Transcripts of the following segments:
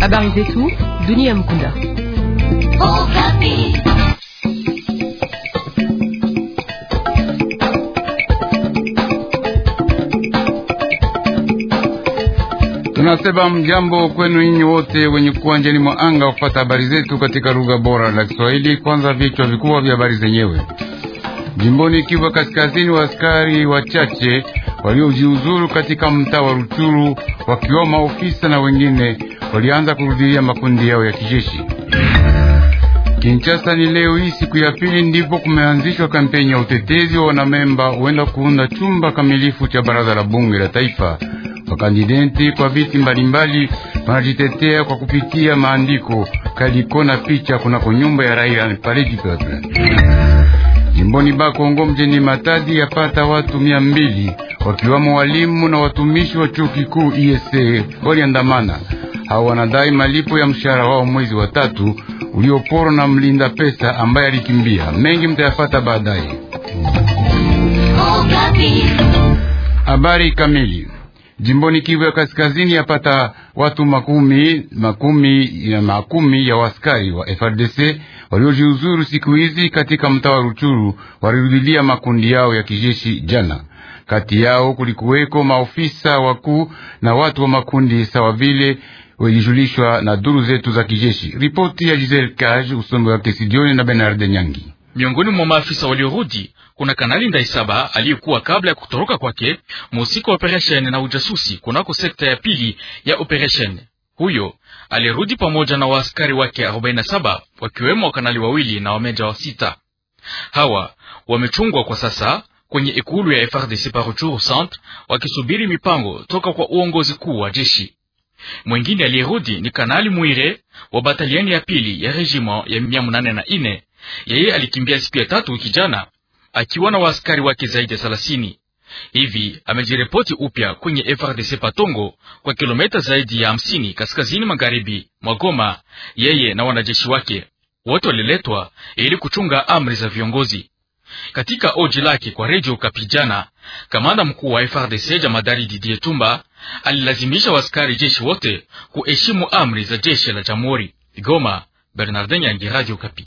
Habari zetu dunia Mkunda. Tunasema mjambo kwenu nyinyi wote wenye kuwa njeni mwa anga kupata habari zetu katika lugha bora la Kiswahili. Kwanza vichwa vikubwa vya habari zenyewe. Jimboni Kivu Kaskazini, waaskari wachache waliojiuzuru katika mtaa wa ruchuru wakiwa maofisa na wengine walianza kurudilia makundi yao ya kijeshi. Kinshasa ni leo hii siku ya pili ndipo kumeanzishwa kampeni ya utetezi wa wanamemba huenda kuunda chumba kamilifu cha baraza la bunge la taifa. Wakandidenti kwa viti mbalimbali wanajitetea kwa kupitia maandiko kaliko na picha kunako nyumba ya raia Palais du Peuple jimboni Bakongo mjini Matadi, yapata watu mia mbili wakiwamo walimu na watumishi wa chuo kikuu ISA e waliandamana. Hao wanadai malipo ya mshahara wao mwezi wa tatu ulioporwa na mlinda pesa ambaye alikimbia. Mengi mtayafata baadaye. Habari kamili Jimboni Kivu ya Kaskazini, yapata watu makumi, makumi, ya makumi ya waskari wa FRDC waliojiuzuru siku hizi katika mtaa wa Ruchuru walirudilia makundi yao ya kijeshi jana. Kati yao kulikuweko maofisa wakuu na watu wa makundi sawa vile walijulishwa na duru zetu za kijeshi. Ripoti ya Giselle Cage usomi wa Sidioni na Bernard Nyangi. Miongoni mwa maafisa waliorudi kuna Kanali Ndaisaba aliyekuwa kabla ya kutoroka kwake mhusika wa operesheni na ujasusi kunako sekta ya pili ya operesheni. Huyo alirudi pamoja na waaskari wake 47 wakiwemo wakanali wawili na wameja wa sita. Hawa wamechungwa kwa sasa kwenye ikulu ya FRDC Paruchuru centre wakisubiri mipango toka kwa uongozi kuu wa jeshi. Mwingine aliyerudi ni Kanali Mwire wa batalioni ya pili ya rejima ya mia na ine. Yeye alikimbia siku ya tatu wiki jana akiwa na waaskari wake zaidi ya thelathini hivi. Amejiripoti upya kwenye FRDC Patongo kwa kilomita zaidi ya hamsini kaskazini magharibi mwa Goma. Yeye na wanajeshi wake wote waliletwa ili kuchunga amri za viongozi. Katika oji lake kwa redio Kapijana, kamanda mkuu wa FRDC jamadari Didier Tumba alilazimisha waskari jeshi wote kuheshimu amri za jeshi la jamhuri. Goma, Bernardin Yangi, Radio Kapi.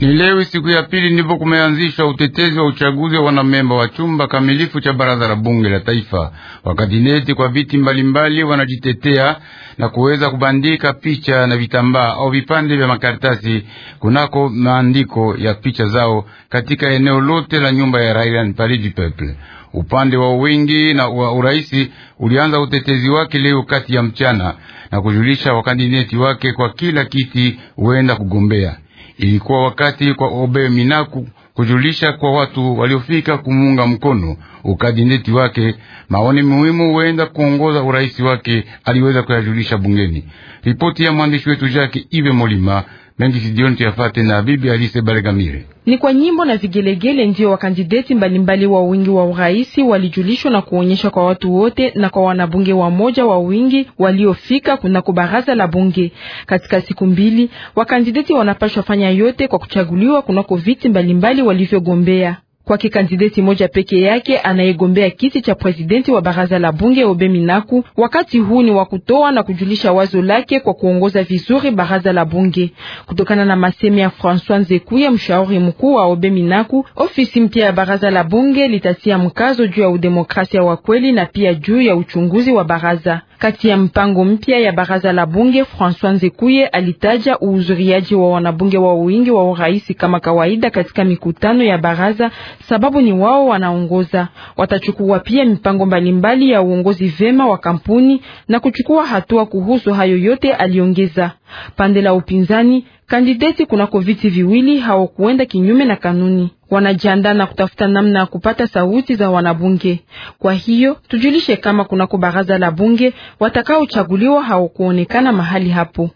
Ni leo siku ya pili ndipo kumeanzishwa utetezi wa uchaguzi wa wanamemba wa chumba kamilifu cha baraza la bunge la taifa. Wakabineti kwa viti mbalimbali wanajitetea na kuweza kubandika picha na vitambaa au vipande vya makaratasi kunako maandiko ya picha zao katika eneo lote la nyumba ya Raila ni Palais du Peuple. Upande wa wingi na wa uraisi ulianza utetezi wake leo kati ya mchana na kujulisha wakandideti wake kwa kila kiti huenda kugombea. Ilikuwa wakati kwa Obe Minaku kujulisha kwa watu waliofika kumuunga mkono ukadineti wake. Maoni muhimu huenda kuongoza urais wake aliweza kuyajulisha bungeni. Ripoti ya mwandishi wetu Jacques Ive Molima mengi sijioni tuyafate na bibi Alise Balegamire. Ni kwa nyimbo na vigelegele ndio wakandideti mbalimbali wa wingi wa uraisi walijulishwa na kuonyeshwa kwa watu wote na kwa wanabunge wa moja wa wingi waliofika kunako baraza la bunge. Katika siku mbili, wakandideti wanapashwa fanya yote kwa kuchaguliwa kunako viti mbalimbali walivyogombea kwake kandideti moja peke yake anayegombea kiti cha presidenti wa baraza la bunge Obe Minaku. Wakati huu ni wa kutoa na kujulisha wazo lake kwa kuongoza vizuri baraza la bunge. Kutokana na maseme ya François Nzekuya, mshauri mkuu wa Obe Minaku, ofisi mpya ya baraza la bunge litatia mkazo juu ya udemokrasia wa kweli na pia juu ya uchunguzi wa baraza. Kati ya mpango mpya ya baraza la bunge, François Nzekuye alitaja uhudhuriaji wa wanabunge wa wingi wa urais kama kawaida katika mikutano ya baraza, sababu ni wao wanaongoza. Watachukua pia mipango mbalimbali ya uongozi vema wa kampuni na kuchukua hatua kuhusu hayo yote, aliongeza. Pande la upinzani, kandideti kunako viti viwili hawakuenda kinyume na kanuni wanajiandaa na kutafuta namna ya kupata sauti za wanabunge. Kwa hiyo tujulishe kama kunako baraza la bunge watakaochaguliwa hawakuonekana mahali hapo.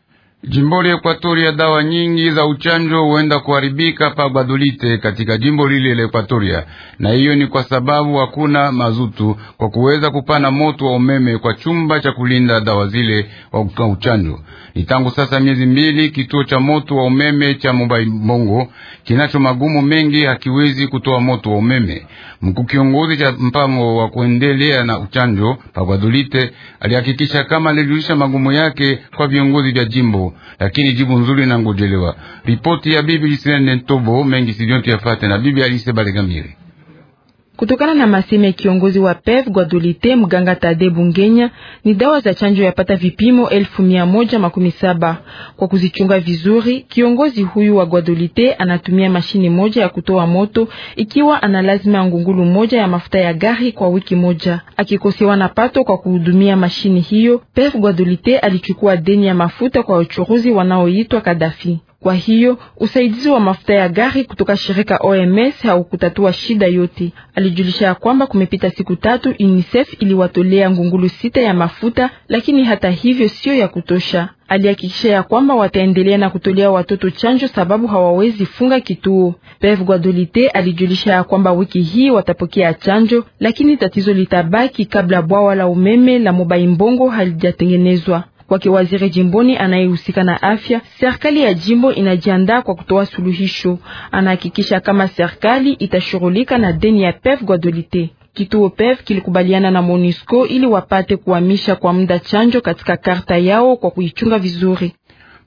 Jimboli Ekuatoria, dawa nyingi za uchanjo huenda kuharibika pa Gbadolite katika jimbo lile la ekwatoria na hiyo ni kwa sababu hakuna mazutu kwa kuweza kupana moto wa umeme kwa chumba cha kulinda dawa zile wa uchanjo. Ni tangu sasa miezi mbili kituo cha moto wa umeme cha Mobai mbongo kinacho magumu mengi, hakiwezi kutoa moto wa umeme. Mkuu kiongozi cha mpango wa kuendelea na uchanjo pa Gbadolite alihakikisha kama alijulisha magumu yake kwa viongozi vya jimbo lakini jibu nzuri na Ripoti ya bibi Lisinene Ntobo mengi sidiontu yafate na bibi Alise Balegamire. Kutokana na maseme ya kiongozi wa PEV Gwadolite mganga Tade Bungenya, ni dawa za chanjo yapata vipimo elfu mia moja makumi saba kwa kuzichunga vizuri. Kiongozi huyu wa Gwadolite anatumia mashine moja ya kutoa moto, ikiwa ana lazima ngungulu moja ya mafuta ya gari kwa wiki moja. Akikosewa na pato kwa kuhudumia mashine hiyo, PEV Gwadolite alichukua deni ya mafuta kwa wachuruzi wanaoitwa Kadafi. Kwa hiyo usaidizi wa mafuta ya gari kutoka shirika OMS haukutatua shida yote. Alijulisha ya kwamba kumepita siku tatu, UNICEF iliwatolea ngungulu sita ya mafuta, lakini hata hivyo siyo ya kutosha. Alihakikisha ya kwamba wataendelea na kutolea watoto chanjo sababu hawawezi funga kituo. Pev Guadolite alijulisha ya kwamba wiki hii watapokea chanjo, lakini tatizo litabaki kabla bwawa la umeme la Mobaimbongo halijatengenezwa kwake waziri jimboni anayehusika na afya, serikali ya jimbo inajiandaa kwa kutoa suluhisho. Anahakikisha kama serikali itashughulika na deni ya PEF Guadolite. Kituo PEF kilikubaliana na MONUSCO ili wapate kuhamisha kwa muda chanjo katika karta yao kwa kuichunga vizuri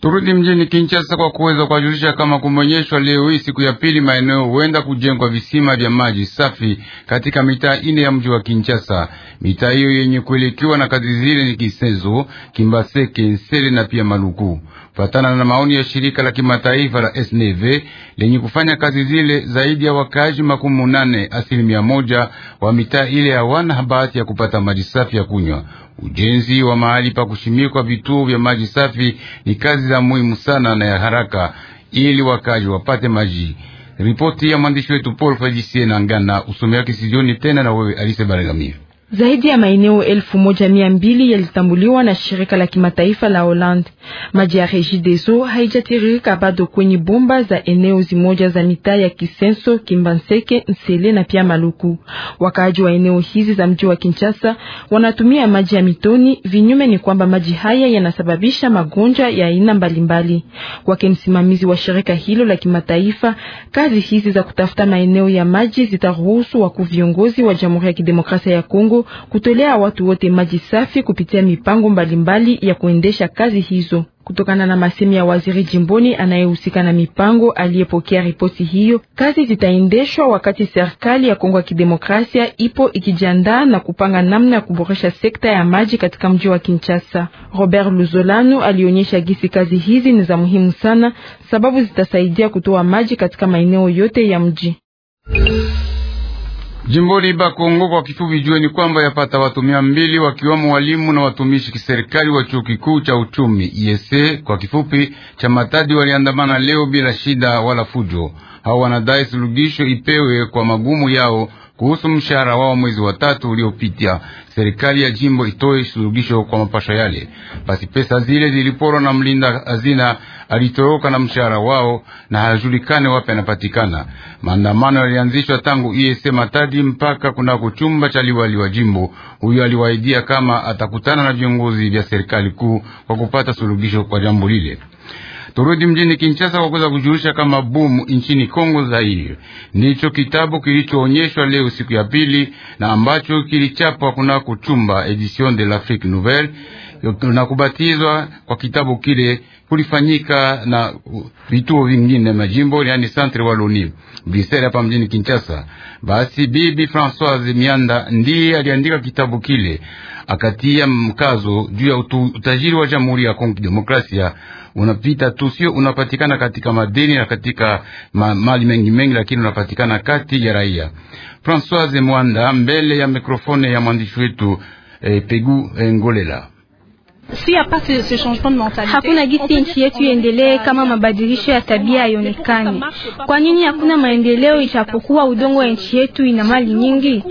turudi mjini Kinshasa kwa kuweza kuwajulisha kama kumonyeshwa leo hii siku ya pili maeneo huenda kujengwa visima vya maji safi katika mitaa ine ya mji wa Kinshasa. Mitaa hiyo yenye kuelekiwa na kazi zile ni Kisezo, Kimbaseke, Nsele na pia Maluku, fatana na maoni ya shirika la kimataifa la SNV e lenye kufanya kazi zile. Zaidi ya wakaaji makumi munane asilimia moja wa mitaa ile hawana bahati ya kupata maji safi ya kunywa. Ujenzi wa mahali pa kushimikwa vituo vya maji safi ni kazi za muhimu sana na ya haraka ili wakaji wapate maji. Ripoti ya mwandishi wetu Paul Fajisie na Ngana, usomi wake sijioni tena na wewe Alise Baregamia. Zaidi ya maeneo elfu moja mia mbili yalitambuliwa na shirika la kimataifa la Holland. Maji ya Regideso haijatiririka bado kwenye bomba za eneo zimoja za mitaa ya Kisenso, Kimbanseke, Nsele na pia Maluku. Wakaaji wa eneo hizi za mji wa Kinshasa wanatumia maji ya mitoni. Vinyume ni kwamba maji haya yanasababisha magonjwa ya aina mbalimbali. Kwake msimamizi wa shirika hilo la kimataifa, kazi hizi za kutafuta maeneo ya maji zitaruhusu wakuu viongozi wa Jamhuri ya Kidemokrasia ya Kongo kutolea watu wote maji safi kupitia mipango mbalimbali mbali ya kuendesha kazi hizo. Kutokana na masemi ya waziri jimboni anayehusika na mipango aliyepokea ripoti hiyo, kazi zitaendeshwa wakati serikali ya Kongo ya Kidemokrasia ipo ikijiandaa na kupanga namna ya kuboresha sekta ya maji katika mji wa Kinshasa. Robert Luzolano alionyesha gisi kazi hizi ni za muhimu sana, sababu zitasaidia kutoa maji katika maeneo yote ya mji. Jimboni Bakongo kwa kifupi, jueni kwamba yapata watu mia mbili wakiwamo walimu na watumishi kiserikali wa chuo kikuu cha uchumi IESE kwa kifupi cha Matadi waliandamana leo bila shida wala fujo. Hao wanadai suluhisho ipewe kwa magumu yao kuhusu mshahara wao mwezi wa tatu uliopita. Serikali ya jimbo itoe suluhisho kwa mapasha yale, basi pesa zile ziliporwa na mlinda hazina alitoroka na mshahara wao na hajulikane wapi anapatikana. Maandamano yalianzishwa tangu e sema Matadi mpaka kunako chumba cha liwali wa jimbo. Huyo aliwaidia kama atakutana na viongozi vya serikali kuu kwa kupata suluhisho kwa jambo lile. Turudi mjini Kinshasa kwa kuweza kujulisha kama bumu nchini Kongo Zaire. Ndicho kitabu kilichoonyeshwa leo siku ya pili na ambacho kilichapwa kuna kuchumba Edition de l'Afrique Nouvelle na kubatizwa kwa kitabu kile kulifanyika na vituo vingine majimbo, yani Centre Wallonie Bruxelles hapa mjini Kinshasa. Basi bibi Françoise Mianda ndiye aliandika kitabu kile, akatia mkazo juu ya utajiri wa Jamhuri ya Kongo Demokrasia unapita tu, sio unapatikana katika madini na katika ma, mali mengi mengi, lakini unapatikana kati ya raia. Françoise Mwanda mbele ya mikrofone ya mwandishi wetu eh, Pegu eh, Ngolela. Hakuna gisi nchi yetu iendelee kama mabadilisho ya tabia hayaonekane. Kwa nini hakuna maendeleo, ijapokuwa udongo wa nchi yetu ina mali nyingi?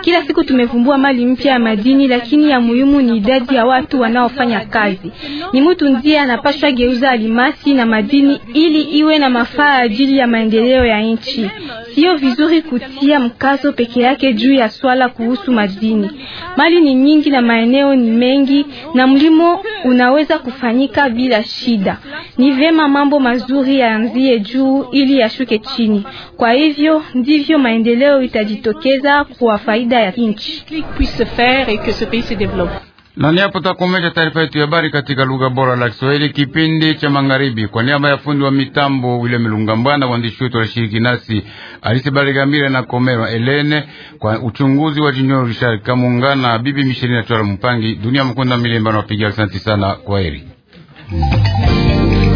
Kila siku tumevumbua mali mpya ya madini, lakini ya muhimu ni idadi ya watu wanaofanya kazi. Ni mtu ndiye anapaswa geuza alimasi na madini ili iwe na mafaa ajili ya maendeleo ya nchi. Euh, Sio vizuri kutia mkazo peke yake juu ya swala kuhusu madini. Mali ni nyingi na maeneo ni mengi na mli Kilimo unaweza kufanyika bila shida. Ni vema mambo mazuri yaanzie juu ili yashuke chini. Kwa hivyo ndivyo maendeleo itajitokeza kwa faida ya nchi. Na niapo takomesha taarifa yetu ya habari katika lugha bora la Kiswahili kipindi cha magharibi. Kwa niaba ya fundi wa mitambo William Lungambwana, waandishi wetu walishiriki nasi Alisi Baligambira na Komero Elene, kwa uchunguzi wa Jinyo Richard Kamungana, bibi mishirini na Mpangi, dunia mkonda milemba na wapiga. Asante sana, kwa heri.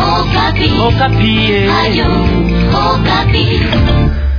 Okapi. Okapi. Ayu, Okapi.